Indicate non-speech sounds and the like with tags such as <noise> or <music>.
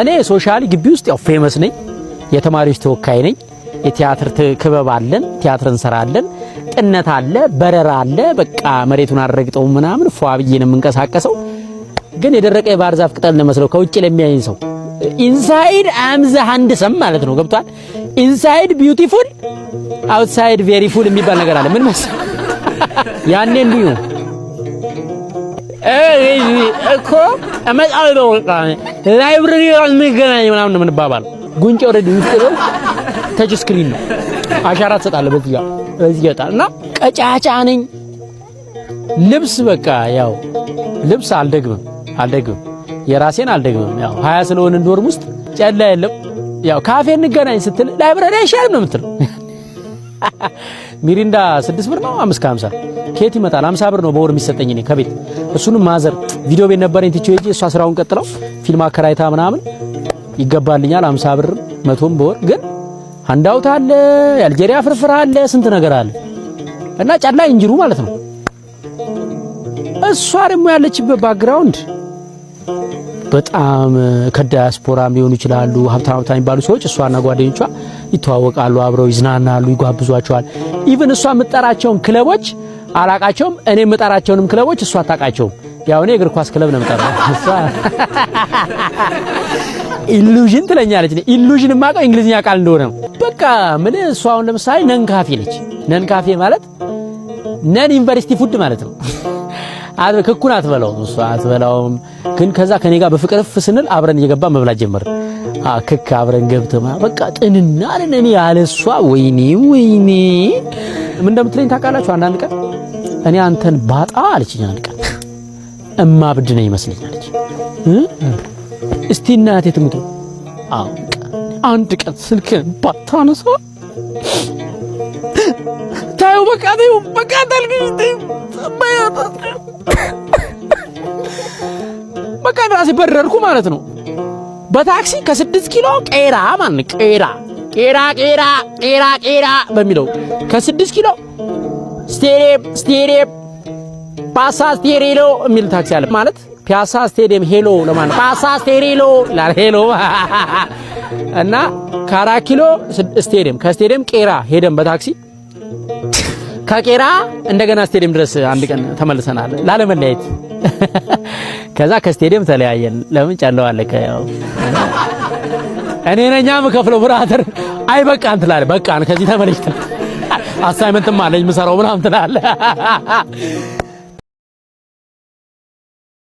እኔ ሶሻሊ ግቢ ውስጥ ያው ፌመስ ነኝ፣ የተማሪዎች ተወካይ ነኝ። የቲያትር ክበብ አለን፣ ቲያትር እንሰራለን፣ ጥነት አለ፣ በረራ አለ። በቃ መሬቱን አረግጠው ምናምን ፏ ብዬ ነው የምንቀሳቀሰው። ግን የደረቀ የባህር ዛፍ ቅጠል ነው መስለው ከውጭ ለሚያየኝ ሰው ኢንሳይድ አምዘ አንድ ሰም ማለት ነው። ገብቷል? ኢንሳይድ ቢዩቲፉል አውትሳይድ ቬሪ ፉል የሚባል ነገር አለ። ምን መሰለህ ያኔ እንዲሁ እኮ እመጣለሁ ነው በቃ ላይብረሪ እንገናኝ ምናምን የምንባባል። ጉንጭ ኦልሬዲ ውስጥ ነው፣ ተች ስክሪን ነው። አሻራ ትሰጣለህ በዚህ ጋር በዚህ ጋር እና ቀጫጫ ነኝ። ልብስ በቃ ያው ልብስ አልደግምም አልደግምም የራሴን አልደግምም። ያው ሀያ ስለሆነ ዶርም ውስጥ ጨላ የለም። ያው ካፌ እንገናኝ ስትል ላይብረሪ አይሻልም ነው የምትለው። <laughs> ሚሪንዳ ስድስት ብር ነው አምስት ከሀምሳ ኬት ይመጣል። አምሳ ብር ነው በወር የሚሰጠኝ እኔ ከቤት እሱንም ማዘር ቪዲዮ ቤት ነበረኝ ትቼ ሄጄ እሷ ስራውን ቀጥለው ፊልም አከራይታ ምናምን ይገባልኛል። 50 ብር መቶም በወር ግን አንዳውት አለ፣ የአልጄሪያ ፍርፍር አለ፣ ስንት ነገር አለ እና ጫላ እንጅሩ ማለት ነው። እሷ ደግሞ ያለችበት ባክግራውንድ በጣም ከዳያስፖራም ሊሆኑ ይችላሉ። ሀብታም ሀብታም የሚባሉ ሰዎች እሷና ጓደኞቿ ይተዋወቃሉ፣ አብረው ይዝናናሉ፣ ይጓብዟቸዋል። ኢቭን እሷ የምትጠራቸውን ክለቦች አላቃቸውም። እኔ የምጠራቸውንም ክለቦች እሷ አታውቃቸውም። ያው እኔ እግር ኳስ ክለብ ነው የምጠራው፣ ኢሉዥን ትለኛለች። እኔ ኢሉዥን የማውቀው እንግሊዝኛ ቃል እንደሆነ ነው። በቃ ምን እሷ አሁን ለምሳሌ ነን ካፌ ነች። ነን ካፌ ማለት ነን ዩኒቨርሲቲ ፉድ ማለት ነው። ክኩን አትበላውም፣ እሷ አትበላውም። ግን ከዛ ከኔ ጋር በፍቅር ስንል አብረን እየገባ መብላት ጀመርን። ክክ አብረን ገብተማ በቃ ጥንና ለኔ ያለሷ ወይኔ ወይኔ ምን እንደምትለኝ ታውቃላችሁ? አንዳንድ ቀን እኔ አንተን ባጣ አለችኝ። አንድ ቀን እማብድ ነኝ ይመስለኝ አለች። እስቲ እናቴ ትሙት አንድ ቀን ስልክህን ባታነሳ ታዩ በቃ ታዩ በቃ ታልግኝ በቃ ራሴ በረርኩ ማለት ነው። በታክሲ ከስድስት ኪሎ ቄራ ማን ቄራ ቄራ ቄራ ቄራ ቄራ በሚለው ከስድስት ኪሎ ስቴሬፕ ስቴሬፕ ፓሳ ስቴሬሎ የሚል ታክሲ አለ ማለት ፒያሳ ስቴዲየም ሄሎ ለማለት ፓሳ ስቴሬሎ ይላል። ሄሎ <laughs> እና ከአራት ኪሎ ስቴዲየም ከስቴዲየም ቄራ ሄደን በታክሲ <laughs> ከቄራ እንደገና ስቴዲየም ድረስ አንድ ቀን ተመልሰናል ላለመለያየት። <laughs> ከዛ ከስቴዲየም ተለያየን። ለምን ጨለዋለ ከያው እኔ ነኛ የምከፍለው። ብራተር አይ በቃን ትላለህ። በቃን ከዚህ ተመለሽ ትላለ አሳይመንትም አለኝ ምሰራው ምናምን ትላለ